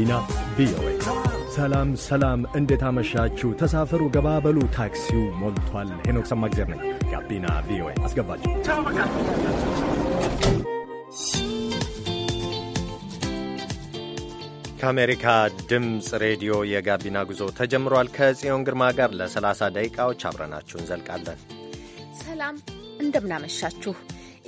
ጋቢና ቪኦኤ። ሰላም ሰላም፣ እንዴት አመሻችሁ? ተሳፈሩ፣ ገባበሉ፣ ታክሲው ሞልቷል። ሄኖክ ሰማግዜር ነኝ። ጋቢና ቪኦኤ አስገባችሁ። ከአሜሪካ ድምፅ ሬዲዮ የጋቢና ጉዞ ተጀምሯል። ከጽዮን ግርማ ጋር ለ30 ደቂቃዎች አብረናችሁ እንዘልቃለን። ሰላም እንደምናመሻችሁ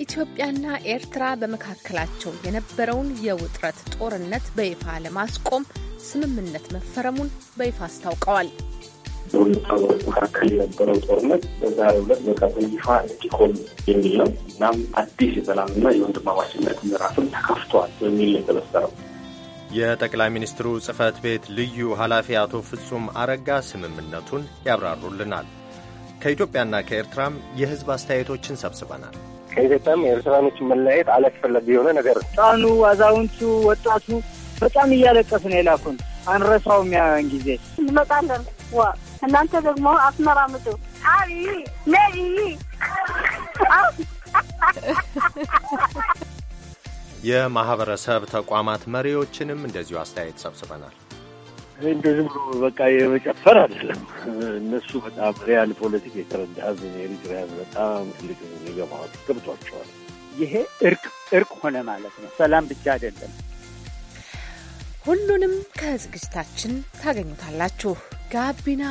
ኢትዮጵያና ኤርትራ በመካከላቸው የነበረውን የውጥረት ጦርነት በይፋ ለማስቆም ስምምነት መፈረሙን በይፋ አስታውቀዋል። በሁለት መካከል የነበረው ጦርነት በዛሬው ዕለት በቃ በይፋ እንዲቆም የሚል ነው። እናም አዲስ የሰላምና የወንድማማችነት ምዕራፍም ተከፍቷል በሚል የተበሰረው። የጠቅላይ ሚኒስትሩ ጽህፈት ቤት ልዩ ኃላፊ አቶ ፍጹም አረጋ ስምምነቱን ያብራሩልናል። ከኢትዮጵያና ከኤርትራም የህዝብ አስተያየቶችን ሰብስበናል። ከኢትዮጵያም የኤርትራኖች መለያየት አላስፈላጊ የሆነ ነገር ህጻኑ፣ አዛውንቱ፣ ወጣቱ በጣም እያለቀስ ነው የላኩን። አንረሳውም ያን ጊዜ እንመጣለን። እናንተ ደግሞ አስመራ ምጡ። አብይ የማህበረሰብ ተቋማት መሪዎችንም እንደዚሁ አስተያየት ሰብስበናል። እንደ ዝም ብሎ በቃ የመጨፈር አይደለም። እነሱ በጣም ሪያል ፖለቲክ የተረዳ ህዝብ የኤሪትሪያ በጣም ትልቅ ሊገባዋል ገብቷቸዋል። ይሄ እርቅ እርቅ ሆነ ማለት ነው፣ ሰላም ብቻ አይደለም። ሁሉንም ከዝግጅታችን ታገኙታላችሁ። ጋቢና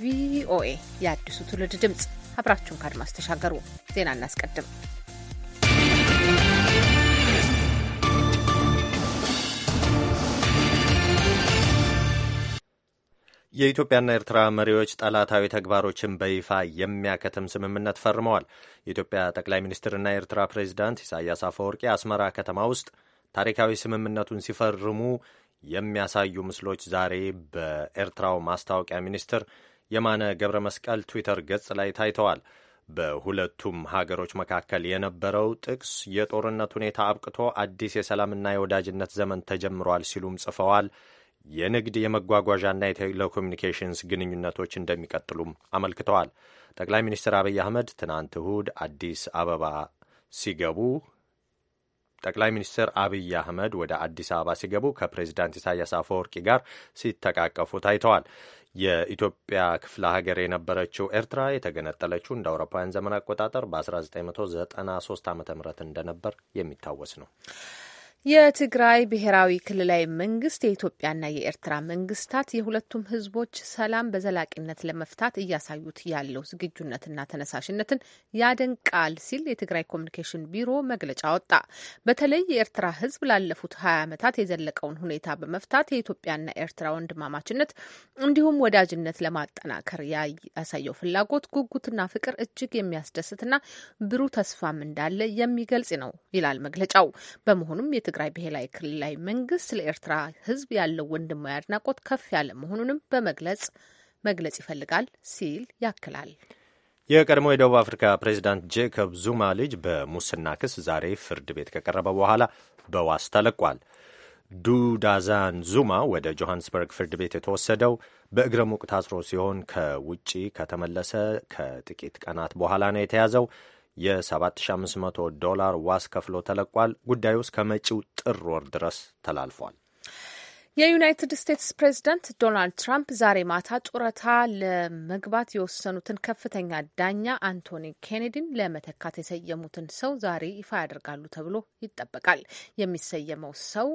ቪኦኤ የአዲሱ ትውልድ ድምፅ፣ አብራችሁን ከአድማስ ተሻገሩ። ዜና እናስቀድም። የኢትዮጵያና ኤርትራ መሪዎች ጠላታዊ ተግባሮችን በይፋ የሚያከትም ስምምነት ፈርመዋል። የኢትዮጵያ ጠቅላይ ሚኒስትርና የኤርትራ ፕሬዚዳንት ኢሳያስ አፈወርቂ አስመራ ከተማ ውስጥ ታሪካዊ ስምምነቱን ሲፈርሙ የሚያሳዩ ምስሎች ዛሬ በኤርትራው ማስታወቂያ ሚኒስትር የማነ ገብረ መስቀል ትዊተር ገጽ ላይ ታይተዋል። በሁለቱም ሀገሮች መካከል የነበረው ጥቅስ የጦርነት ሁኔታ አብቅቶ አዲስ የሰላምና የወዳጅነት ዘመን ተጀምሯል ሲሉም ጽፈዋል። የንግድ የመጓጓዣና የቴሌኮሚኒኬሽንስ ግንኙነቶች እንደሚቀጥሉም አመልክተዋል። ጠቅላይ ሚኒስትር አብይ አህመድ ትናንት እሁድ አዲስ አበባ ሲገቡ ጠቅላይ ሚኒስትር አብይ አህመድ ወደ አዲስ አበባ ሲገቡ ከፕሬዚዳንት ኢሳያስ አፈወርቂ ጋር ሲተቃቀፉ ታይተዋል። የኢትዮጵያ ክፍለ ሀገር የነበረችው ኤርትራ የተገነጠለችው እንደ አውሮፓውያን ዘመን አቆጣጠር በ1993 ዓ ም እንደነበር የሚታወስ ነው። የትግራይ ብሔራዊ ክልላዊ መንግስት የኢትዮጵያና የኤርትራ መንግስታት የሁለቱም ህዝቦች ሰላም በዘላቂነት ለመፍታት እያሳዩት ያለው ዝግጁነትና ተነሳሽነትን ያደንቃል ሲል የትግራይ ኮሚኒኬሽን ቢሮ መግለጫ ወጣ በተለይ የኤርትራ ህዝብ ላለፉት ሀያ ዓመታት የዘለቀውን ሁኔታ በመፍታት የኢትዮጵያና ኤርትራ ወንድማማችነት እንዲሁም ወዳጅነት ለማጠናከር ያሳየው ፍላጎት፣ ጉጉትና ፍቅር እጅግ የሚያስደስትና ብሩህ ተስፋም እንዳለ የሚገልጽ ነው ይላል መግለጫው። በመሆኑም የትግራይ ብሔራዊ ክልላዊ መንግስት ለኤርትራ ህዝብ ያለው ወንድማዊ አድናቆት ከፍ ያለ መሆኑንም በመግለጽ መግለጽ ይፈልጋል ሲል ያክላል። የቀድሞ የደቡብ አፍሪካ ፕሬዚዳንት ጄኮብ ዙማ ልጅ በሙስና ክስ ዛሬ ፍርድ ቤት ከቀረበ በኋላ በዋስ ተለቋል። ዱዳዛን ዙማ ወደ ጆሃንስበርግ ፍርድ ቤት የተወሰደው በእግረ ሙቅ ታስሮ ሲሆን ከውጪ ከተመለሰ ከጥቂት ቀናት በኋላ ነው የተያዘው። የ7500 ዶላር ዋስ ከፍሎ ተለቋል። ጉዳዩ እስከ መጪው ጥር ወር ድረስ ተላልፏል። የዩናይትድ ስቴትስ ፕሬዝዳንት ዶናልድ ትራምፕ ዛሬ ማታ ጡረታ ለመግባት የወሰኑትን ከፍተኛ ዳኛ አንቶኒ ኬኔዲን ለመተካት የሰየሙትን ሰው ዛሬ ይፋ ያደርጋሉ ተብሎ ይጠበቃል። የሚሰየመው ሰው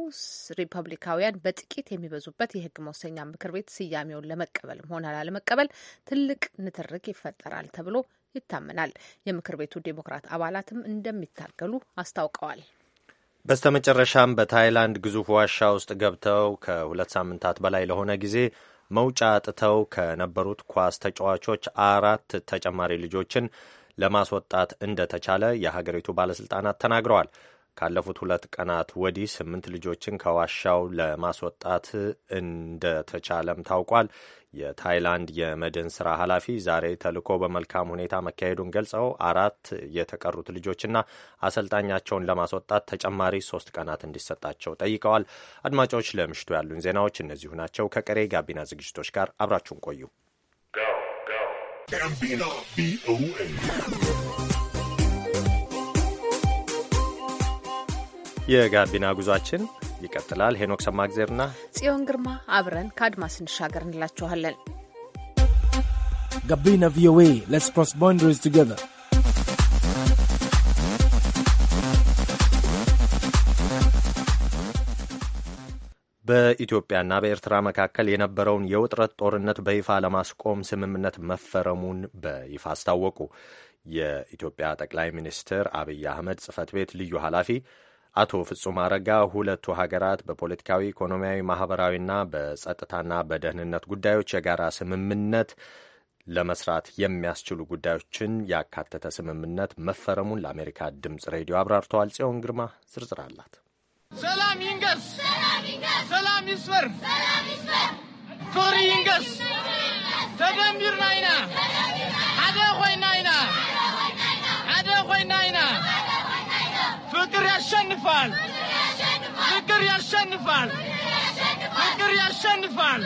ሪፐብሊካውያን በጥቂት የሚበዙበት የሕግ መወሰኛ ምክር ቤት ስያሜውን ለመቀበልም ሆነ ላለመቀበል ትልቅ ንትርክ ይፈጠራል ተብሎ ይታመናል። የምክር ቤቱ ዴሞክራት አባላትም እንደሚታገሉ አስታውቀዋል። በስተመጨረሻም በታይላንድ ግዙፍ ዋሻ ውስጥ ገብተው ከሁለት ሳምንታት በላይ ለሆነ ጊዜ መውጫ አጥተው ከነበሩት ኳስ ተጫዋቾች አራት ተጨማሪ ልጆችን ለማስወጣት እንደተቻለ የሀገሪቱ ባለስልጣናት ተናግረዋል። ካለፉት ሁለት ቀናት ወዲህ ስምንት ልጆችን ከዋሻው ለማስወጣት እንደተቻለም ታውቋል። የታይላንድ የመድን ስራ ኃላፊ ዛሬ ተልእኮ በመልካም ሁኔታ መካሄዱን ገልጸው አራት የተቀሩት ልጆችና አሰልጣኛቸውን ለማስወጣት ተጨማሪ ሶስት ቀናት እንዲሰጣቸው ጠይቀዋል። አድማጮች፣ ለምሽቱ ያሉን ዜናዎች እነዚሁ ናቸው። ከቀሬ ጋቢና ዝግጅቶች ጋር አብራችሁን ቆዩ። የጋቢና ጉዟችን ይቀጥላል። ሄኖክ ሰማግዜርና ጽዮን ግርማ አብረን ከአድማስ እንሻገር እንላችኋለን። ጋቢና ቪኦኤ ሌትስ ክሮስ ቦንደሪስ ቱጌዘር በኢትዮጵያና በኤርትራ መካከል የነበረውን የውጥረት ጦርነት በይፋ ለማስቆም ስምምነት መፈረሙን በይፋ አስታወቁ። የኢትዮጵያ ጠቅላይ ሚኒስትር አብይ አህመድ ጽህፈት ቤት ልዩ ኃላፊ አቶ ፍጹም አረጋ ሁለቱ ሀገራት በፖለቲካዊ፣ ኢኮኖሚያዊ፣ ማህበራዊና በጸጥታና በደህንነት ጉዳዮች የጋራ ስምምነት ለመስራት የሚያስችሉ ጉዳዮችን ያካተተ ስምምነት መፈረሙን ለአሜሪካ ድምፅ ሬዲዮ አብራርተዋል። ጽዮን ግርማ ዝርዝር አላት። ሰላም ይንገስ፣ ሰላም ይስፈር፣ ፍቅሪ ይንገስ ተደሚርናይና አደ ኾይናይና ፍቅር ያሸንፋል። ፍቅር ያሸንፋል። ፍቅር ያሸንፋል።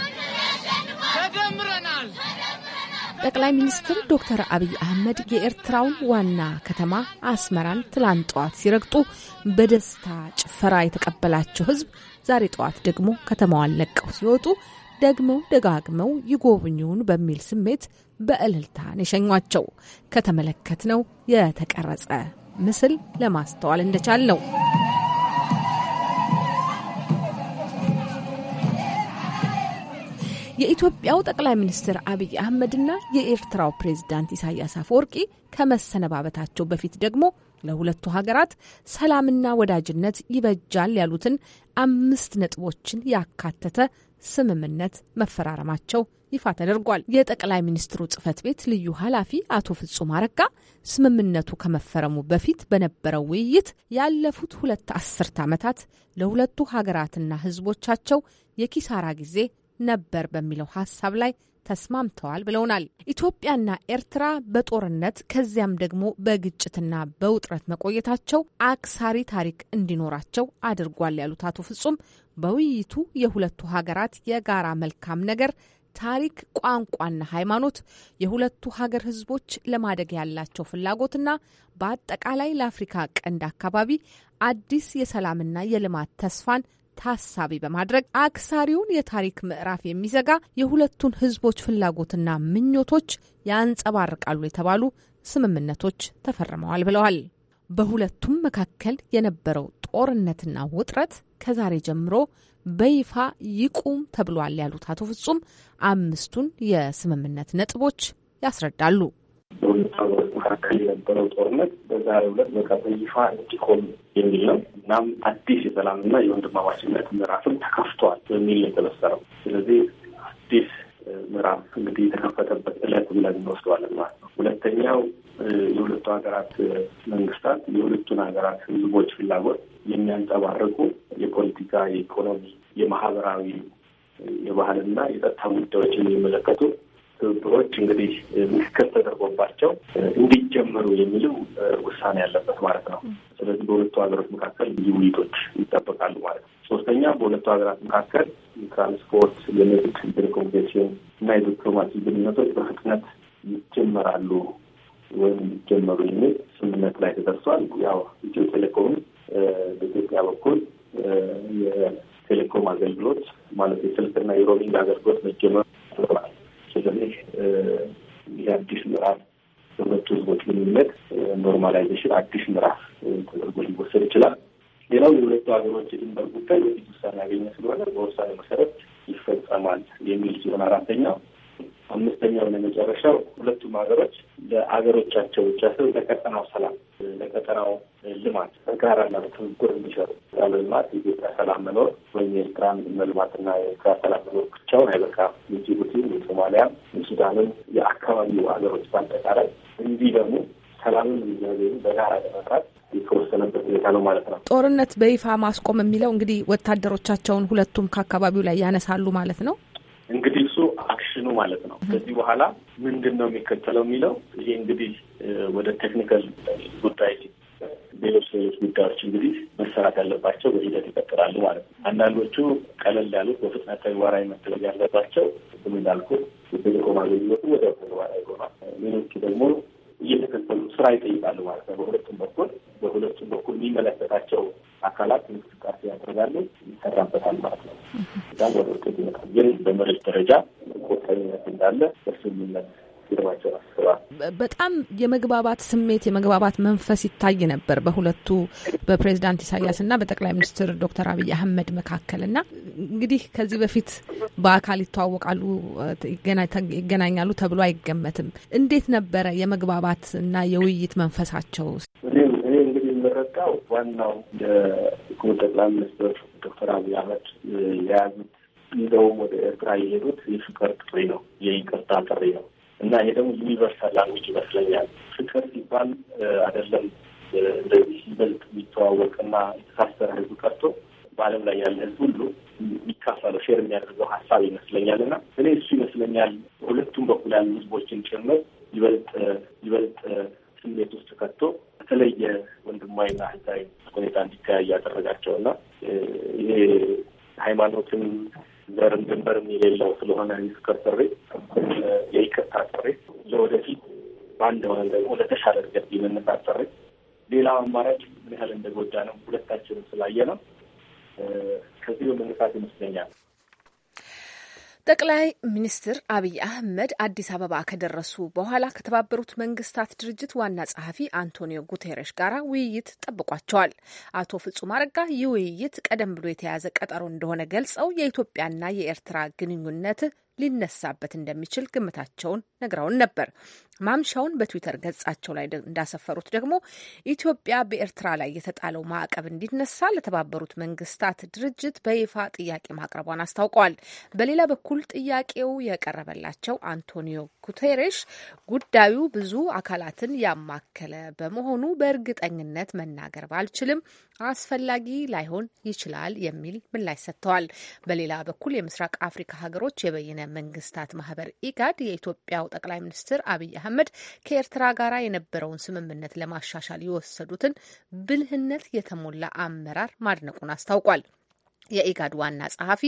ተደምረናል። ጠቅላይ ሚኒስትር ዶክተር አብይ አህመድ የኤርትራውን ዋና ከተማ አስመራን ትላንት ጠዋት ሲረግጡ በደስታ ጭፈራ የተቀበላቸው ሕዝብ ዛሬ ጠዋት ደግሞ ከተማዋን ለቀው ሲወጡ ደግመው ደጋግመው ይጎብኙን በሚል ስሜት በእልልታን የሸኟቸው ከተመለከትነው የተቀረጸ ምስል ለማስተዋል እንደቻል ነው። የኢትዮጵያው ጠቅላይ ሚኒስትር አብይ አህመድና የኤርትራው ፕሬዝዳንት ኢሳያስ አፈወርቂ ከመሰነባበታቸው በፊት ደግሞ ለሁለቱ ሀገራት ሰላምና ወዳጅነት ይበጃል ያሉትን አምስት ነጥቦችን ያካተተ ስምምነት መፈራረማቸው ይፋ ተደርጓል። የጠቅላይ ሚኒስትሩ ጽህፈት ቤት ልዩ ኃላፊ አቶ ፍጹም አረጋ ስምምነቱ ከመፈረሙ በፊት በነበረው ውይይት ያለፉት ሁለት አስርት ዓመታት ለሁለቱ ሀገራትና ህዝቦቻቸው የኪሳራ ጊዜ ነበር በሚለው ሀሳብ ላይ ተስማምተዋል ብለውናል። ኢትዮጵያና ኤርትራ በጦርነት ከዚያም ደግሞ በግጭትና በውጥረት መቆየታቸው አክሳሪ ታሪክ እንዲኖራቸው አድርጓል ያሉት አቶ ፍጹም በውይይቱ የሁለቱ ሀገራት የጋራ መልካም ነገር ታሪክ፣ ቋንቋና ሃይማኖት የሁለቱ ሀገር ህዝቦች ለማደግ ያላቸው ፍላጎትና በአጠቃላይ ለአፍሪካ ቀንድ አካባቢ አዲስ የሰላምና የልማት ተስፋን ታሳቢ በማድረግ አክሳሪውን የታሪክ ምዕራፍ የሚዘጋ የሁለቱን ህዝቦች ፍላጎትና ምኞቶች ያንጸባርቃሉ የተባሉ ስምምነቶች ተፈርመዋል ብለዋል። በሁለቱም መካከል የነበረው ጦርነትና ውጥረት ከዛሬ ጀምሮ በይፋ ይቁም ተብሏል ያሉት አቶ ፍጹም አምስቱን የስምምነት ነጥቦች ያስረዳሉ። መካከል የነበረው ጦርነት በዛሬው ዕለት በቃ በይፋ እንዲቆም የሚል ነው። እናም አዲስ የሰላምና የወንድማማችነት ምዕራፍም ተከፍቷል በሚል የተበሰረው ስለዚህ አዲስ ምዕራፍ እንግዲህ የተከፈተበት ዕለት ብለን እንወስደዋለን ማለት ነው። ሁለተኛው የሁለቱ ሀገራት መንግስታት የሁለቱን ሀገራት ህዝቦች ፍላጎት የሚያንጸባርቁ የፖለቲካ፣ የኢኮኖሚ፣ የማህበራዊ፣ የባህልና የጸጥታ ጉዳዮችን የሚመለከቱ ትብብሮች እንግዲህ ምክክር ተደርጎባቸው እንዲጀመሩ የሚለው ውሳኔ ያለበት ማለት ነው። ስለዚህ በሁለቱ ሀገሮች መካከል ብዙ ውይይቶች ይጠበቃሉ ማለት ነው። ሶስተኛ በሁለቱ ሀገራት መካከል የትራንስፖርት፣ የንግድ፣ ቴሌኮሙኒኬሽን እና የዲፕሎማሲ ግንኙነቶች በፍጥነት ይጀመራሉ ወይም ይጀመሩ የሚል ስምምነት ላይ ተደርሷል። ያው ኢትዮ ቴሌኮምን በኢትዮጵያ በኩል የቴሌኮም አገልግሎት ማለት የስልክና የሮሚንግ አገልግሎት መጀመር ተባል። ስለዚህ የአዲስ ምዕራፍ በመቱ ህዝቦች ግንኙነት ኖርማላይዜሽን አዲስ ምዕራፍ ተደርጎ ሊወሰድ ይችላል። ሌላው የሁለቱ ሀገሮች የድንበር ጉዳይ የፊት ውሳኔ ያገኘ ስለሆነ በውሳኔ መሰረት ይፈጸማል የሚል ሲሆን አራተኛው አምስተኛው አምስተኛውና የመጨረሻው ሁለቱም ሀገሮች ለአገሮቻቸው ብቻ ሳይሆን ለቀጠናው ሰላም፣ ለቀጠናው ልማት በጋራና በትብብር እንዲሰሩ ያለ ልማት የኢትዮጵያ ሰላም መኖር ወይም የኤርትራን መልማትና የኤርትራ ሰላም መኖር ብቻውን አይበቃም። የጅቡቲም፣ የሶማሊያም፣ የሱዳንም የአካባቢው ሀገሮች በአጠቃላይ እንዲህ ደግሞ ሰላምን የሚያገኙ በጋራ ለመስራት የተወሰነበት ሁኔታ ነው ማለት ነው። ጦርነት በይፋ ማስቆም የሚለው እንግዲህ ወታደሮቻቸውን ሁለቱም ከአካባቢው ላይ ያነሳሉ ማለት ነው። እንግዲህ እሱ አክሽኑ ማለት ነው። ከዚህ በኋላ ምንድን ነው የሚከተለው የሚለው ይሄ እንግዲህ ወደ ቴክኒካል ጉዳይ ሌሎች ሌሎች ጉዳዮች እንግዲህ መሰራት ያለባቸው በሂደት ይቀጥላሉ ማለት ነው። አንዳንዶቹ ቀለል ያሉት በፍጥነት ተግባራዊ መደረግ ያለባቸው ስም እንዳልኩት የቴሌኮም አገልግሎቱ ወደ ተግባራዊ ይሆናል። ሌሎቹ ደግሞ እየተከተሉ ስራ ይጠይቃሉ ማለት ነው። በሁለቱም በኩል በሁለቱም በኩል የሚመለከታቸው አካላት እንቅስቃሴ ያደርጋሉ፣ ይሰራበታል ማለት ነው። እዛም ወደ ውጤት ይመጣል። ግን በመሬት ደረጃ ቆጣቢነት እንዳለ እርሱ የሚመለስ ግጥማቸውን አስበዋል። በጣም የመግባባት ስሜት የመግባባት መንፈስ ይታይ ነበር በሁለቱ በፕሬዚዳንት ኢሳያስ እና በጠቅላይ ሚኒስትር ዶክተር አብይ አህመድ መካከል እና እንግዲህ ከዚህ በፊት በአካል ይተዋወቃሉ ይገናኛሉ ተብሎ አይገመትም። እንዴት ነበረ የመግባባት እና የውይይት መንፈሳቸው? እኔ እንግዲህ ዋናው የክቡር ጠቅላይ ሚኒስትር ዶክተር አብይ አህመድ የያዙት ይዘውም ወደ ኤርትራ የሄዱት የፍቅር ጥሪ ነው፣ የይቅርታ ጥሪ ነው። እና ይሄ ደግሞ ዩኒቨርሳል ላንጉጅ ይመስለኛል። ፍቅር ሲባል አይደለም እንደዚህ ይበልጥ የሚተዋወቅና የተሳሰረ ህዝብ ቀርቶ በዓለም ላይ ያለ ህዝብ ሁሉ የሚካፈለው ሼር የሚያደርገው ሀሳብ ይመስለኛል እና እኔ እሱ ይመስለኛል ሁለቱም በኩል ያሉ ህዝቦችን ጭምር ይበልጥ ይበልጥ ስሜት ውስጥ ከቶ በተለየ ወንድማዊና ህዛዊ ሁኔታ እንዲተያይ ያደረጋቸው እና ይሄ ሃይማኖትን ዘርም ድንበርም የሌለው ስለሆነ የፍቅር ጥሪ፣ የይቅርታ ጥሪ፣ ለወደፊት በአንድ ሆነ ደግሞ ለተሻለ ነገር የመነሳት ጥሪ፣ ሌላ አማራጭ ምን ያህል እንደጎዳ ነው ሁለታችንም ስላየ ነው ከዚህ በመነሳት ይመስለኛል። ጠቅላይ ሚኒስትር አብይ አህመድ አዲስ አበባ ከደረሱ በኋላ ከተባበሩት መንግስታት ድርጅት ዋና ጸሐፊ አንቶኒዮ ጉቴሬሽ ጋር ውይይት ጠብቋቸዋል። አቶ ፍጹም አረጋ ይህ ውይይት ቀደም ብሎ የተያዘ ቀጠሮ እንደሆነ ገልጸው የኢትዮጵያና የኤርትራ ግንኙነት ሊነሳበት እንደሚችል ግምታቸውን ነግረውን ነበር። ማምሻውን በትዊተር ገጻቸው ላይ እንዳሰፈሩት ደግሞ ኢትዮጵያ በኤርትራ ላይ የተጣለው ማዕቀብ እንዲነሳ ለተባበሩት መንግስታት ድርጅት በይፋ ጥያቄ ማቅረቧን አስታውቀዋል። በሌላ በኩል ጥያቄው የቀረበላቸው አንቶኒዮ ጉቴሬሽ ጉዳዩ ብዙ አካላትን ያማከለ በመሆኑ በእርግጠኝነት መናገር ባልችልም አስፈላጊ ላይሆን ይችላል የሚል ምላሽ ሰጥተዋል። በሌላ በኩል የምስራቅ አፍሪካ ሀገሮች የበይነ መንግስታት ማህበር ኢጋድ የኢትዮጵያው ጠቅላይ ሚኒስትር አብይ መሐመድ ከኤርትራ ጋር የነበረውን ስምምነት ለማሻሻል የወሰዱትን ብልህነት የተሞላ አመራር ማድነቁን አስታውቋል። የኢጋድ ዋና ጸሐፊ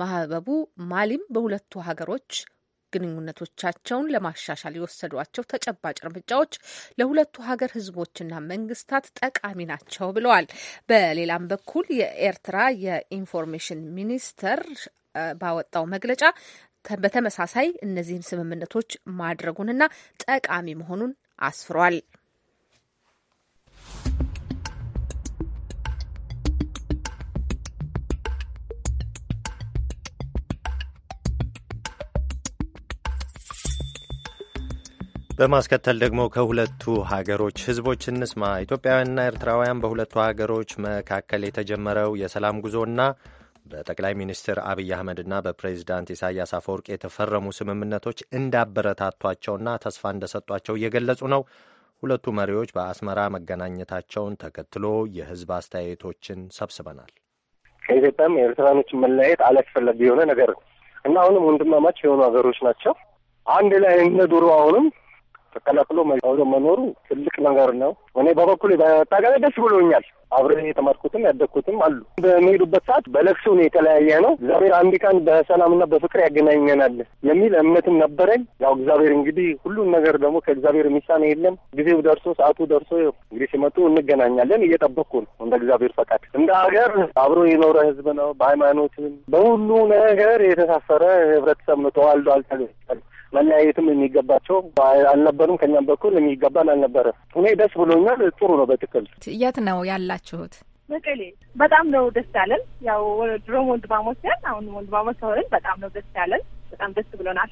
ማህበቡ ማሊም በሁለቱ ሀገሮች ግንኙነቶቻቸውን ለማሻሻል የወሰዷቸው ተጨባጭ እርምጃዎች ለሁለቱ ሀገር ህዝቦችና መንግስታት ጠቃሚ ናቸው ብለዋል። በሌላም በኩል የኤርትራ የኢንፎርሜሽን ሚኒስቴር ባወጣው መግለጫ በተመሳሳይ እነዚህን ስምምነቶች ማድረጉንና ጠቃሚ መሆኑን አስፍሯል። በማስከተል ደግሞ ከሁለቱ ሀገሮች ህዝቦች እንስማ። ኢትዮጵያውያንና ኤርትራውያን በሁለቱ ሀገሮች መካከል የተጀመረው የሰላም ጉዞና በጠቅላይ ሚኒስትር አብይ አህመድና በፕሬዚዳንት ኢሳያስ አፈወርቅ የተፈረሙ ስምምነቶች እንዳበረታቷቸውና ተስፋ እንደሰጧቸው እየገለጹ ነው። ሁለቱ መሪዎች በአስመራ መገናኘታቸውን ተከትሎ የህዝብ አስተያየቶችን ሰብስበናል። ከኢትዮጵያም የኤርትራኖች መለያየት አላስፈላጊ የሆነ ነገር ነው እና አሁንም ወንድማማች የሆኑ ሀገሮች ናቸው። አንድ ላይ እንደ ድሮ አሁንም ተቀላቅሎ አብሮ መኖሩ ትልቅ ነገር ነው። እኔ በበኩሌ በአጠቃላይ ደስ ብሎኛል። አብረን የተማርኩትም ያደግኩትም አሉ። በሚሄዱበት ሰዓት በለቅሶ ነው የተለያየ ነው። እግዚአብሔር አንድ ቀን በሰላምና በፍቅር ያገናኘናል የሚል እምነትም ነበረኝ። ያው እግዚአብሔር እንግዲህ ሁሉን ነገር ደግሞ ከእግዚአብሔር የሚሳን የለም። ጊዜው ደርሶ ሰዓቱ ደርሶ እንግዲህ ሲመጡ እንገናኛለን። እየጠበቅኩ ነው እንደ እግዚአብሔር ፈቃድ። እንደ ሀገር አብሮ የኖረ ህዝብ ነው። በሃይማኖትም በሁሉ ነገር የተሳሰረ ህብረተሰብ ነው። ተዋልዶ አልተገ መለያየትም የሚገባቸው አልነበሩም። ከኛም በኩል የሚገባን አልነበረ። እኔ ደስ ብሎኛል። ጥሩ ነው። በትክክል የት ነው ያላችሁት? መቀሌ በጣም ነው ደስ ያለን። ያው ድሮም ወንድማሞች ነን፣ አሁንም ወንድማሞች ሆነን በጣም ነው ደስ ያለን። በጣም ደስ ብሎናል።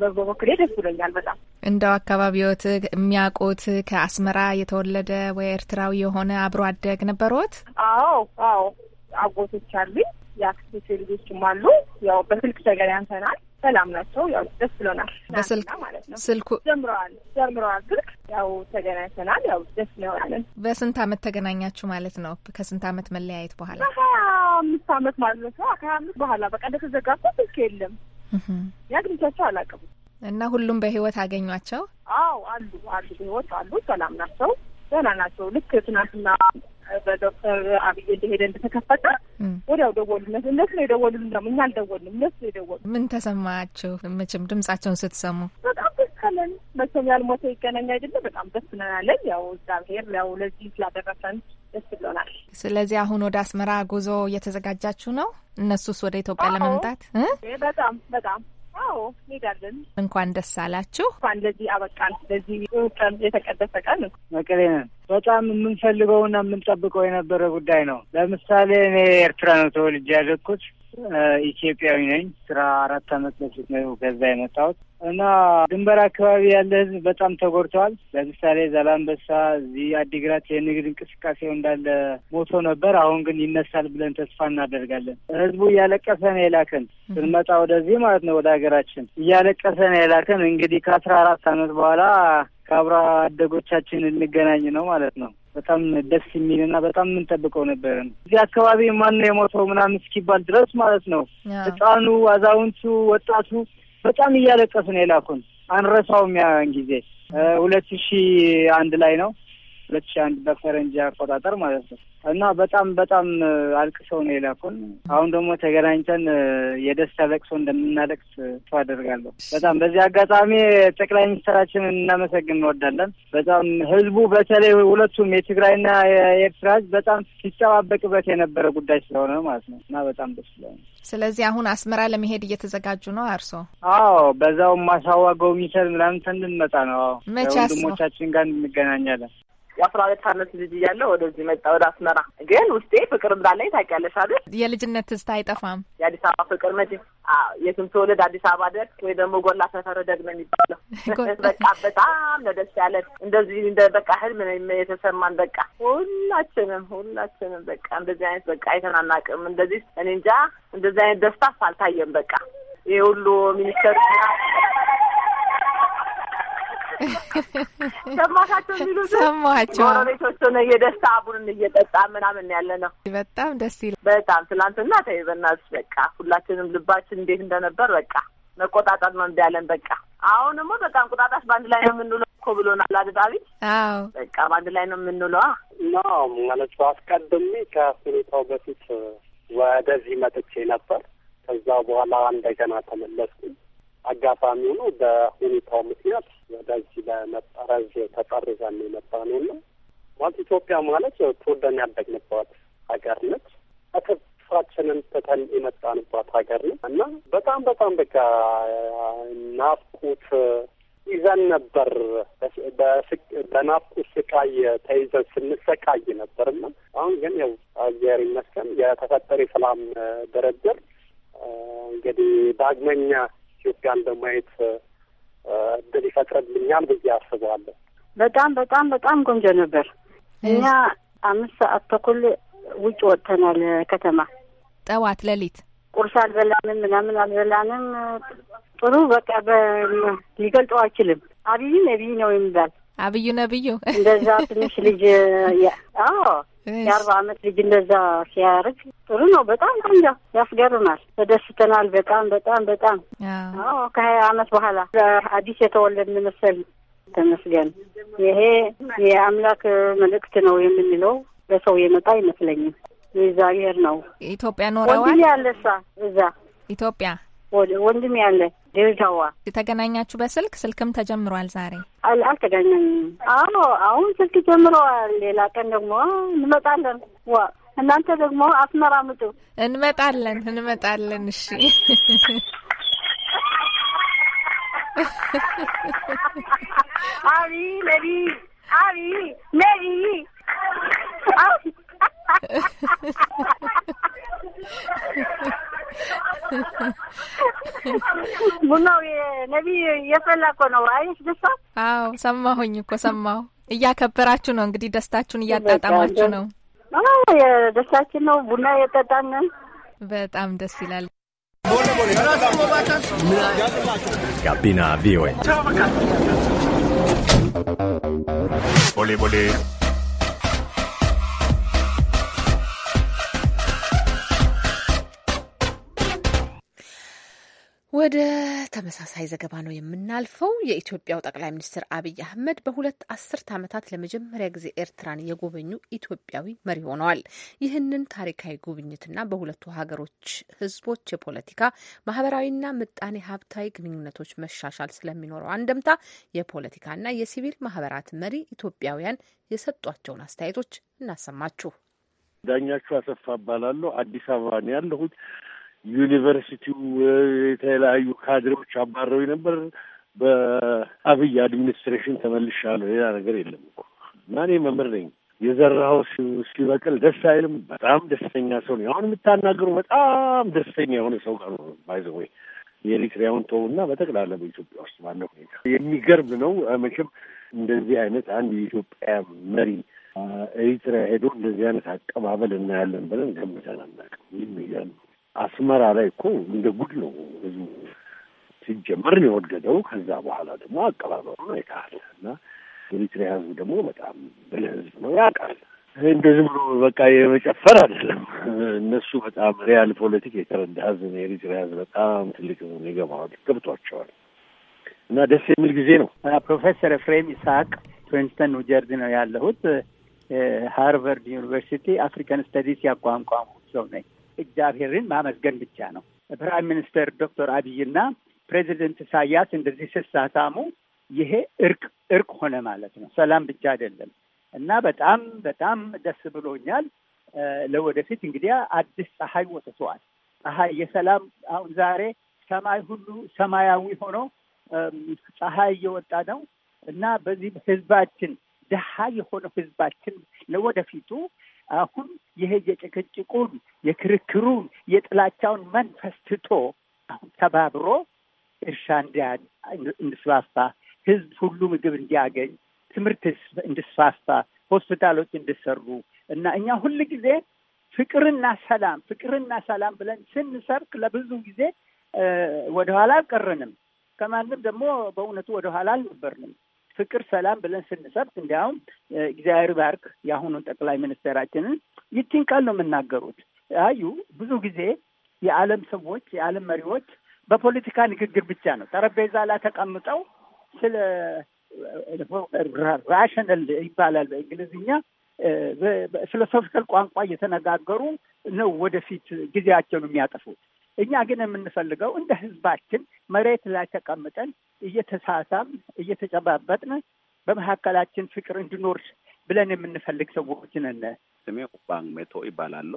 በበኩሌ ደስ ብሎኛል በጣም እንደው አካባቢዎት የሚያውቁት ከአስመራ የተወለደ ወይ ኤርትራዊ የሆነ አብሮ አደግ ነበሮት? አዎ አዎ አጎቶች አሉኝ የአክስቴ ልጆችም አሉ። ያው በስልክ ተገናኝተናል። ሰላም ናቸው። ያው ደስ ብሎናል በስልክ ማለት ነው። ስልኩ ጀምረዋል ጀምረዋል ስልክ ያው ተገናኝተናል። ያው ደስ ይሆናለን። በስንት አመት ተገናኛችሁ ማለት ነው? ከስንት አመት መለያየት በኋላ ከሀያ አምስት አመት ማለት ነው። ከሀያ አምስት በኋላ በቃ እንደተዘጋኩ ስልክ የለም ያግኝቻቸው አላውቅም። እና ሁሉም በህይወት አገኟቸው? አዎ አሉ አሉ፣ በህይወት አሉ። ሰላም ናቸው፣ ደህና ናቸው። ልክ ትናንትና በዶክተር አብይ እንደሄደ እንደተከፈተ ወዲያው ደወሉለት። እነሱ ነው የደወሉልን፣ ደግሞ እኛ አልደወልንም፣ እነሱ የደወሉ። ምን ተሰማችሁ? መቼም ድምጻቸውን ስትሰሙ በጣም ደስ አለን። መቼም ያልሞተ ይገናኝ አይደለ? በጣም ደስ ነናለን። ያው እግዚአብሔር ያው ለዚህ ስላደረሰን ደስ ብሎናል። ስለዚህ አሁን ወደ አስመራ ጉዞ እየተዘጋጃችሁ ነው? እነሱስ ወደ ኢትዮጵያ ለመምጣት በጣም በጣም አዎ እንሄዳለን። እንኳን ደስ አላችሁ። እንኳን ለዚህ አበቃን። ለዚህ ቀን የተቀደሰ ቀን መቀሌ ነን። በጣም የምንፈልገውና የምንጠብቀው የነበረ ጉዳይ ነው። ለምሳሌ እኔ ኤርትራ ነው ተወልጄ ያደግኩት። ኢትዮጵያዊ ነኝ። ስራ አራት አመት በፊት ነው ከዛ የመጣሁት እና ድንበር አካባቢ ያለ ህዝብ በጣም ተጎድተዋል። ለምሳሌ ዛላንበሳ፣ እዚህ አዲግራት የንግድ እንቅስቃሴው እንዳለ ሞቶ ነበር። አሁን ግን ይነሳል ብለን ተስፋ እናደርጋለን። ህዝቡ እያለቀሰ ነው የላከን ስንመጣ ወደዚህ ማለት ነው ወደ ሀገራችን እያለቀሰ ነው የላከን። እንግዲህ ከአስራ አራት አመት በኋላ ከአብራ አደጎቻችን እንገናኝ ነው ማለት ነው። በጣም ደስ የሚል እና በጣም የምንጠብቀው ነበረ። እዚህ አካባቢ ማነው የሞተው ምናምን እስኪባል ድረስ ማለት ነው። ህፃኑ፣ አዛውንቱ፣ ወጣቱ በጣም እያለቀስ ነው የላኩን። አንረሳውም ያን ጊዜ ሁለት ሺህ አንድ ላይ ነው ሁለት ሺ አንድ በፈረንጅ አቆጣጠር ማለት ነው እና በጣም በጣም አልቅሰው ነው የላኩን። አሁን ደግሞ ተገናኝተን የደስታ ለቅሶ እንደምናለቅስ ተስፋ አደርጋለሁ። በጣም በዚህ አጋጣሚ ጠቅላይ ሚኒስትራችንን እናመሰግን እንወዳለን። በጣም ህዝቡ በተለይ ሁለቱም የትግራይና የኤርትራ ህዝብ በጣም ሲጠባበቅበት የነበረ ጉዳይ ስለሆነ ማለት ነው እና በጣም ደስ ይላል። ስለዚህ አሁን አስመራ ለመሄድ እየተዘጋጁ ነው አርሶ? አዎ በዛውም ማሳዋ ጎብኝተን ምናምን እንድንመጣ ነው። መቼ ወንድሞቻችን ጋር እንገናኛለን። የአስራ ሁለት አመት ልጅ እያለሁ ወደዚህ መጣ ወደ አስመራ። ግን ውስጤ ፍቅር እንዳለኝ ታውቂያለሽ አይደል? የልጅነት ትዝታ አይጠፋም። የአዲስ አበባ ፍቅር መቼ የትም ትውልድ አዲስ አበባ ደግ ወይ ደግሞ ጎላ ሰፈር ደግ ነው የሚባለው። በቃ በጣም ነው ደስ ያለን። እንደዚህ እንደ በቃ ህልም የተሰማን በቃ ሁላችንም ሁላችንም በቃ እንደዚህ አይነት በቃ አይተናናቅም። እንደዚህ እኔ እንጃ እንደዚህ አይነት ደስታ አልታየም። በቃ ይህ ሁሉ ሚኒስተር ሰማታቸው የሚሉ ሰማቸው ጎረቤቶች ሆነ የደስታ አቡንን እየጠጣ ምናምን ያለ ነው። በጣም ደስ ይላል። በጣም ትላንትና ተይ በቃ ሁላችንም ልባችን እንዴት እንደነበር በቃ መቆጣጠር ነው እንዳለን በቃ አሁን ደግሞ በቃ እንቁጣጣሽ በአንድ ላይ ነው የምንውለው እኮ ብሎናል አይደል አዎ በቃ በአንድ ላይ ነው የምንውለዋ ኖ ማለት አስቀድሜ ከሁኔታው በፊት ወደዚህ መጥቼ ነበር። ከዛ በኋላ እንደገና ተመለስኩ። አጋጣሚው ሆኖ በሁኔታው ምክንያት ወደዚህ ለመጠረዝ ተጠርዘን የመጣ ነው ና ማለት ኢትዮጵያ ማለት ተወደን ያደግንባት ሀገር ነች። ስራችንን ትተን የመጣንባት ሀገር ነች እና በጣም በጣም በቃ ናፍቁት ይዘን ነበር። በናፍቁት ስቃይ ተይዘን ስንሰቃይ ነበር ነበርና አሁን ግን ያው እግዚአብሔር ይመስገን የተፈጠረ የሰላም ድርድር እንግዲህ ዳግመኛ ኢትዮጵያን ለማየት እድል ይፈጥረልኛል ብዬ አስበዋለሁ። በጣም በጣም በጣም ቆንጆ ነበር። እኛ አምስት ሰዓት ተኩል ውጭ ወጥተናል። ከተማ ጠዋት ሌሊት ቁርስ አልበላንም፣ ምናምን አልበላንም። ጥሩ በቃ ሊገልጠው አይችልም። አብይ ነብይ ነው የሚባል አብዩ ነብዩ እንደዛ ትንሽ ልጅ አዎ የአርባ አመት ልጅ እንደዛ ሲያርግ ጥሩ ነው። በጣም ቆንጆ ያስገርማል። ተደስተናል። በጣም በጣም በጣም አዎ። ከሀያ አመት በኋላ አዲስ የተወለድን መሰል ተመስገን። ይሄ የአምላክ መልእክት ነው የምንለው በሰው የመጣ አይመስለኝም። የእግዚአብሔር ነው። ኢትዮጵያ ኖረዋል። ወንድሜ ያለ እሳ እዛ ኢትዮጵያ ወንድሜ ያለ ድሬዳዋ የተገናኛችሁ በስልክ ስልክም ተጀምሯል ዛሬ አልተገናኝም አዎ አሁን ስልክ ጀምረዋል ሌላ ቀን ደግሞ እንመጣለን ዋ እናንተ ደግሞ አስመራ ምጡ እንመጣለን እንመጣለን እሺ አቢ ነቢ አቢ ነቢ ቡናው የነቢ የፈላ እኮ ነው። አይሽ ደስታ። አዎ ሰማሁኝ እኮ ሰማሁ። እያከበራችሁ ነው እንግዲህ ደስታችሁን እያጣጣማችሁ ነው። ደስታችን ነው ቡና የጠጣን በጣም ደስ ይላል። ጋቢና ቪኦኤ ቦሌ ቦሌ ወደ ተመሳሳይ ዘገባ ነው የምናልፈው። የኢትዮጵያው ጠቅላይ ሚኒስትር አብይ አህመድ በሁለት አስርት ዓመታት ለመጀመሪያ ጊዜ ኤርትራን የጎበኙ ኢትዮጵያዊ መሪ ሆነዋል። ይህንን ታሪካዊ ጉብኝትና በሁለቱ ሀገሮች ህዝቦች የፖለቲካ ማህበራዊና ምጣኔ ሀብታዊ ግንኙነቶች መሻሻል ስለሚኖረው አንደምታ የፖለቲካና የሲቪል ማህበራት መሪ ኢትዮጵያውያን የሰጧቸውን አስተያየቶች እናሰማችሁ። ዳኛችሁ አሰፋ እባላለሁ። አዲስ አበባ ነው ያለሁት። ዩኒቨርሲቲው የተለያዩ ካድሬዎች አባረው ነበር። በአብይ አድሚኒስትሬሽን ተመልሻለሁ። ሌላ ነገር የለም እኮ እና እኔ መምህር ነኝ። የዘራው ሲበቅል ደስ አይልም? በጣም ደስተኛ ሰው ነው። አሁን የምታናገሩ በጣም ደስተኛ የሆነ ሰው ጋር ነው ባይዘወይ የኤሪትሪያውን እና በጠቅላላ በኢትዮጵያ ውስጥ ባለ ሁኔታ የሚገርም ነው። መቼም እንደዚህ አይነት አንድ የኢትዮጵያ መሪ ኤሪትሪያ ሄዶ እንደዚህ አይነት አቀባበል እናያለን ብለን ገምተን አናውቅም። ይህ የሚገርም አስመራ ላይ እኮ እንደ ጉድ ነው ህዝቡ ሲጀመር ነው የወደደው። ከዛ በኋላ ደግሞ አቀባበሩ ነው አይተሃል። እና ኤሪትሪያ ህዝብ ደግሞ በጣም ብልህ ህዝብ ነው፣ ያውቃል። እንደዚህ ብሎ በቃ የመጨፈር አይደለም። እነሱ በጣም ሪያል ፖለቲክ የተረዳ ህዝብ የኤሪትሪያ ህዝብ በጣም ትልቅ ነው፣ ይገባዋል፣ ገብቷቸዋል። እና ደስ የሚል ጊዜ ነው። ፕሮፌሰር ኤፍሬም ይስሐቅ ፕሪንስተን ኒውጀርዚ ነው ያለሁት። ሃርቨርድ ዩኒቨርሲቲ አፍሪካን ስተዲስ ያቋቋምኩ ሰው ነኝ። እግዚአብሔርን ማመስገን ብቻ ነው። ፕራይም ሚኒስተር ዶክተር አብይና ፕሬዚደንት ኢሳያስ እንደዚህ ስሳታሙ ይሄ እርቅ እርቅ ሆነ ማለት ነው። ሰላም ብቻ አይደለም እና በጣም በጣም ደስ ብሎኛል። ለወደፊት እንግዲህ አዲስ ፀሐይ ወጥቷል። ፀሐይ የሰላም አሁን ዛሬ ሰማይ ሁሉ ሰማያዊ ሆኖ ፀሐይ እየወጣ ነው እና በዚህ ህዝባችን ድሀ የሆነው ህዝባችን ለወደፊቱ አሁን ይሄ የጭቅጭቁን፣ የክርክሩን፣ የጥላቻውን መንፈስ ትቶ አሁን ተባብሮ እርሻ እንድስፋፋ ህዝብ ሁሉ ምግብ እንዲያገኝ፣ ትምህርት እንድስፋፋ ሆስፒታሎች እንዲሰሩ እና እኛ ሁል ጊዜ ፍቅርና ሰላም ፍቅርና ሰላም ብለን ስንሰርክ ለብዙ ጊዜ ወደኋላ አልቀረንም። ከማንም ደግሞ በእውነቱ ወደኋላ አልነበርንም። ፍቅር፣ ሰላም ብለን ስንሰብክ እንዲያውም እግዚአብሔር ባርክ የአሁኑን ጠቅላይ ሚኒስትራችንን ይቺን ቃል ነው የምናገሩት። አዩ ብዙ ጊዜ የዓለም ሰዎች የዓለም መሪዎች በፖለቲካ ንግግር ብቻ ነው ጠረጴዛ ላይ ተቀምጠው ስለ ራሽናል ይባላል በእንግሊዝኛ ፊሎሶፊካል ቋንቋ እየተነጋገሩ ነው ወደፊት ጊዜያቸውን የሚያጠፉት። እኛ ግን የምንፈልገው እንደ ህዝባችን መሬት ላይ ተቀምጠን እየተሳሳም እየተጨባበጥን በመካከላችን ፍቅር እንዲኖር ብለን የምንፈልግ ሰዎች ነን። ስሜ ባንክ ሜቶ ይባላሉ።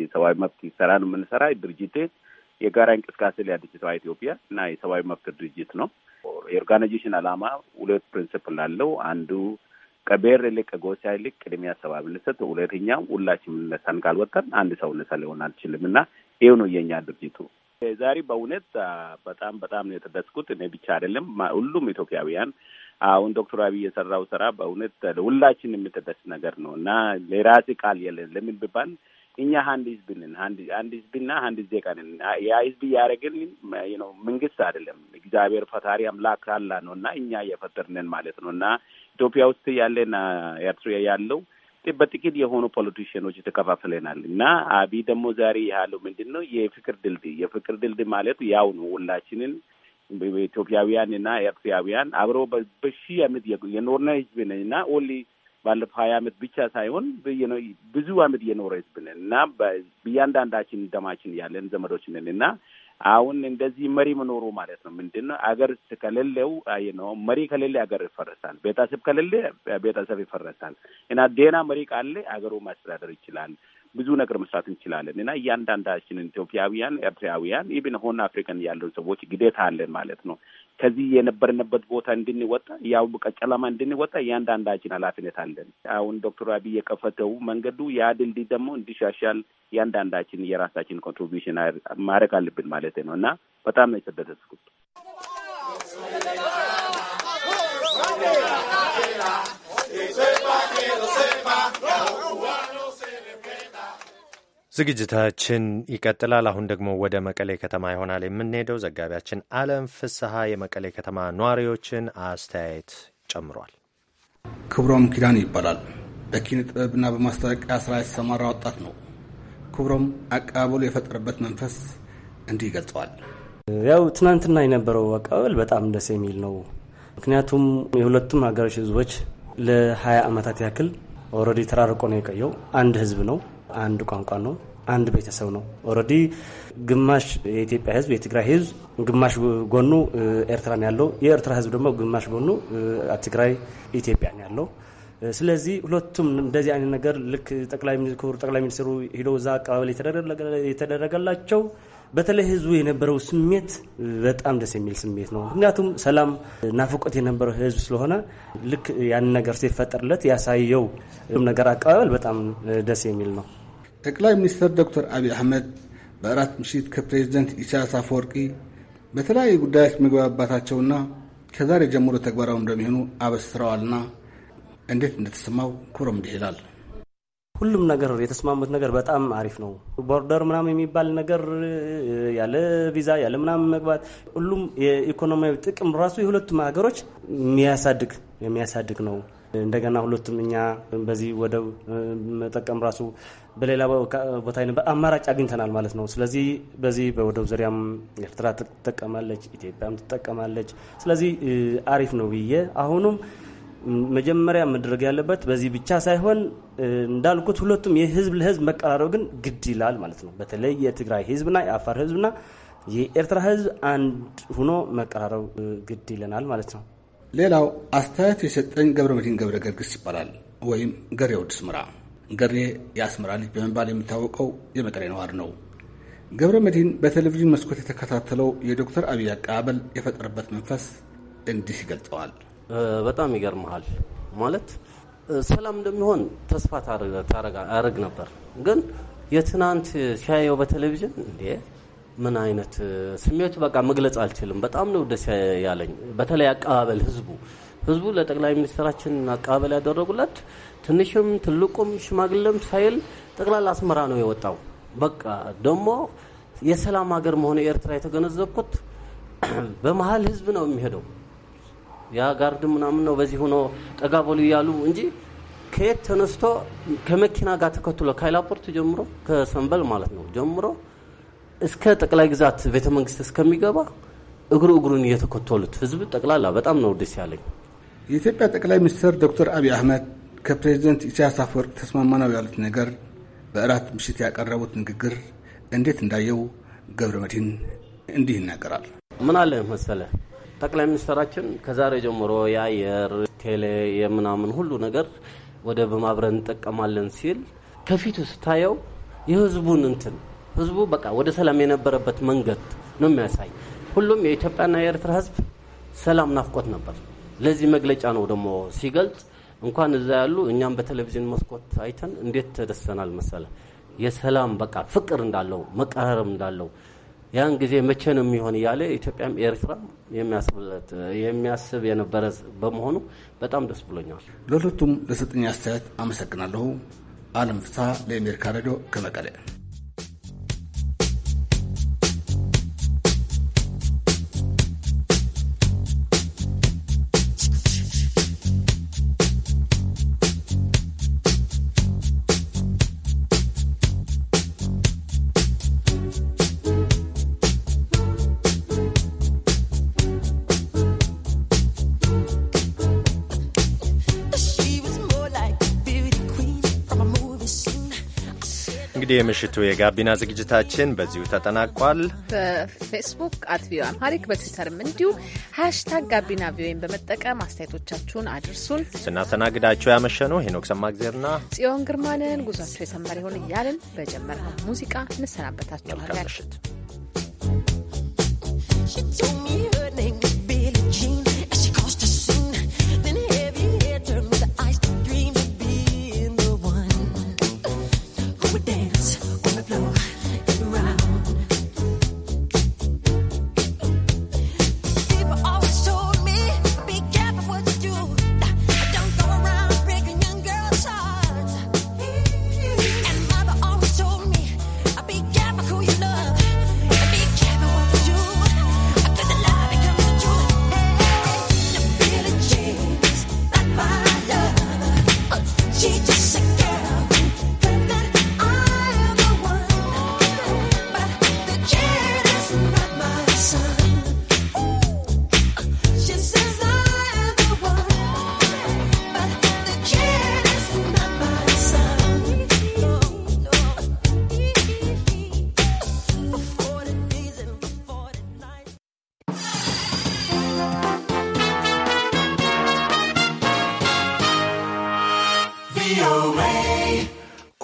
የሰብአዊ መብት ስራ ነው የምንሰራ። ድርጅቴ የጋራ እንቅስቃሴ ለአዲሲቷ ኢትዮጵያ እና የሰብአዊ መብት ድርጅት ነው። የኦርጋናይዜሽን አላማ ሁለት ፕሪንስፕል አለው። አንዱ ከብሔር ይልቅ ከጎሳ ይልቅ ቅድሚያ ሰብአዊነት፣ ሁለተኛው ሁላችን ነፃ ካልወጣን አንድ ሰው ነሳ ሊሆን አልችልም እና ይሄው ነው የኛ ድርጅቱ። ዛሬ በእውነት በጣም በጣም ነው የተደስኩት። እኔ ብቻ አይደለም ሁሉም ኢትዮጵያውያን አሁን ዶክተር አብይ የሰራው ስራ በእውነት ለሁላችን የምትደስ ነገር ነው እና የራሴ ቃል የለን ለምን ብባል እኛ አንድ ህዝብ ነን። አንድ ህዝብና አንድ ዜጋ ነን። ያ ህዝብ እያደረግን ነው መንግስት አይደለም እግዚአብሔር ፈታሪ አምላክ አላ ነው እና እኛ እየፈጠርንን ማለት ነው እና ኢትዮጵያ ውስጥ ያለን ኤርትራ ያለው በጥቂት የሆኑ ፖለቲሽኖች ተከፋፍለናል እና አቢ ደግሞ ዛሬ ያለው ምንድን ነው? የፍቅር ድልድይ የፍቅር ድልድይ ማለት ያው ነው። ሁላችንን ኢትዮጵያውያን እና ኤርትራውያን አብሮ በሺ ዓመት የኖርነ ህዝብ ነን እና ኦንሊ ባለፈው ሀያ ዓመት ብቻ ሳይሆን ብዙ ዓመት የኖረ ህዝብ ነን እና በእያንዳንዳችን ደማችን ያለን ዘመዶች ነን እና አሁን እንደዚህ መሪ መኖሩ ማለት ነው ምንድን ነው? አገር ከሌለው ነው መሪ ከሌለ አገር ይፈረሳል። ቤተሰብ ከሌለ ቤተሰብ ይፈረሳል። እና ዴና መሪ ቃለ አገሩ ማስተዳደር ይችላል። ብዙ ነገር መስራት እንችላለን እና እያንዳንዳችን ኢትዮጵያውያን፣ ኤርትራውያን ኢብን ሆን አፍሪካን ያለው ሰዎች ግዴታ አለን ማለት ነው። ከዚህ የነበርንበት ቦታ እንድንወጣ ያው በቃ ጨለማ እንድንወጣ እያንዳንዳችን ኃላፊነት አለን። አሁን ዶክተር አብይ የከፈተው መንገዱ ያ ድልድይ ደግሞ እንዲሻሻል እያንዳንዳችን የራሳችን ኮንትሪቢሽን ማድረግ አለብን ማለት ነው እና በጣም ነው የተደሰትኩት። ዝግጅታችን ይቀጥላል። አሁን ደግሞ ወደ መቀሌ ከተማ ይሆናል የምንሄደው። ዘጋቢያችን አለም ፍስሐ የመቀሌ ከተማ ነዋሪዎችን አስተያየት ጨምሯል። ክብሮም ኪዳን ይባላል። በኪነ ጥበብና በማስታወቂያ ስራ የተሰማራ ወጣት ነው። ክብሮም አቀባበሉ የፈጠረበት መንፈስ እንዲህ ይገልጸዋል። ያው ትናንትና የነበረው አቀባበል በጣም ደስ የሚል ነው። ምክንያቱም የሁለቱም ሀገሮች ህዝቦች ለሀያ አመታት ዓመታት ያክል ኦልሬዲ ተራርቆ ነው የቆየው። አንድ ህዝብ ነው፣ አንድ ቋንቋ ነው አንድ ቤተሰብ ነው። ኦልሬዲ ግማሽ የኢትዮጵያ ህዝብ የትግራይ ህዝብ ግማሽ ጎኑ ኤርትራን ያለው የኤርትራ ህዝብ ደግሞ ግማሽ ጎኑ ትግራይ ኢትዮጵያን ያለው ስለዚህ ሁለቱም እንደዚህ አይነት ነገር ልክ ጠቅላይ ሚኒስትሩ ጠቅላይ ሚኒስትሩ ሂዶ እዛ አቀባበል የተደረገላቸው በተለይ ህዝቡ የነበረው ስሜት በጣም ደስ የሚል ስሜት ነው። ምክንያቱም ሰላም ናፍቆት የነበረው ህዝብ ስለሆነ ልክ ያን ነገር ሲፈጠርለት ያሳየው ነገር አቀባበል በጣም ደስ የሚል ነው። ጠቅላይ ሚኒስትር ዶክተር አብይ አህመድ በእራት ምሽት ከፕሬዚደንት ኢሳያስ አፈወርቂ በተለያዩ ጉዳዮች መግባባታቸውና ከዛሬ ጀምሮ ተግባራዊ እንደሚሆኑ አበስረዋልና እንዴት እንደተሰማው ኩረምድ ይላል። ሁሉም ነገር የተስማሙት ነገር በጣም አሪፍ ነው። ቦርደር ምናምን የሚባል ነገር ያለ ቪዛ ያለ ምናምን መግባት ሁሉም የኢኮኖሚያዊ ጥቅም ራሱ የሁለቱም ሀገሮች የሚያሳድግ የሚያሳድግ ነው። እንደገና ሁለቱም እኛ በዚህ ወደብ መጠቀም ራሱ በሌላ ቦታ በአማራጭ አግኝተናል ማለት ነው። ስለዚህ በዚህ በወደብ ዙሪያም ኤርትራ ትጠቀማለች፣ ኢትዮጵያም ትጠቀማለች። ስለዚህ አሪፍ ነው ብዬ አሁኑም መጀመሪያ መድረግ ያለበት በዚህ ብቻ ሳይሆን እንዳልኩት ሁለቱም የህዝብ ለህዝብ መቀራረብ ግን ግድ ይላል ማለት ነው። በተለይ የትግራይ ህዝብና የአፋር ህዝብና የኤርትራ ህዝብ አንድ ሆኖ መቀራረብ ግድ ይለናል ማለት ነው። ሌላው አስተያየት የሰጠኝ ገብረ መድህን ገብረ ገርግስ ይባላል ወይም ገሬ ወድ ስምራ ገሬ የአስመራ ልጅ በመባል የሚታወቀው የመቀሌ ነዋሪ ነው። ገብረ መድህን በቴሌቪዥን መስኮት የተከታተለው የዶክተር አብይ አቀባበል የፈጠረበት መንፈስ እንዲህ ይገልጸዋል። በጣም ይገርመሃል ማለት ሰላም እንደሚሆን ተስፋ ታረግ ነበር። ግን የትናንት ሲያየው በቴሌቪዥን እንዴ ምን አይነት ስሜቱ በቃ መግለጽ አልችልም። በጣም ነው ደስ ያለኝ። በተለይ አቀባበል ህዝቡ ህዝቡ ለጠቅላይ ሚኒስትራችን አቀባበል ያደረጉለት ትንሽም ትልቁም ሽማግሌም ሳይል ጠቅላላ አስመራ ነው የወጣው። በቃ ደግሞ የሰላም ሀገር መሆኑ ኤርትራ የተገነዘብኩት በመሀል ህዝብ ነው የሚሄደው። ያ ጋርድ ምናምን ነው በዚህ ሆኖ ጠጋ በሉ እያሉ እንጂ ከየት ተነስቶ ከመኪና ጋር ተከትሎ ከሀይላፖርት ጀምሮ ከሰንበል ማለት ነው ጀምሮ እስከ ጠቅላይ ግዛት ቤተ መንግስት እስከሚገባ እግሩ እግሩን እየተከተሉት ህዝብ ጠቅላላ በጣም ነው ደስ ያለኝ። የኢትዮጵያ ጠቅላይ ሚኒስትር ዶክተር አብይ አህመድ ከፕሬዚደንት ኢሳያስ አፈወርቅ ተስማማነው ያሉት ነገር በእራት ምሽት ያቀረቡት ንግግር እንዴት እንዳየው ገብረ መድህን እንዲህ ይናገራል። ምን አለ መሰለ ጠቅላይ ሚኒስትራችን ከዛሬ ጀምሮ የአየር ቴሌ የምናምን ሁሉ ነገር ወደ በማብረን እንጠቀማለን ሲል ከፊቱ ስታየው የህዝቡን እንትን ህዝቡ በቃ ወደ ሰላም የነበረበት መንገድ ነው የሚያሳይ። ሁሉም የኢትዮጵያና የኤርትራ ህዝብ ሰላም ናፍቆት ነበር። ለዚህ መግለጫ ነው ደግሞ ሲገልጽ እንኳን እዛ ያሉ እኛም በቴሌቪዥን መስኮት አይተን እንዴት ተደሰናል መሰለ። የሰላም በቃ ፍቅር እንዳለው መቀራረብ እንዳለው ያን ጊዜ መቼ ነው የሚሆን እያለ ኢትዮጵያም ኤርትራ የሚያስብ የነበረ በመሆኑ በጣም ደስ ብሎኛል። ለሁለቱም ለሰጠኝ አስተያየት አመሰግናለሁ። አለም ፍስሐ ለአሜሪካ ሬዲዮ ከመቀሌ እንግዲህ የምሽቱ የጋቢና ዝግጅታችን በዚሁ ተጠናቋል። በፌስቡክ አት ቪዮ አምሃሪክ በትዊተርም እንዲሁ ሀሽታግ ጋቢና ቪዮን በመጠቀም አስተያየቶቻችሁን አድርሱን። ስናስተናግዳችሁ ያመሸኑ ሄኖክ ሰማግዜርና ጽዮን ግርማንን ጉዟቸው የሰመር ይሆን እያልን በጀመርነው ሙዚቃ እንሰናበታችኋለን።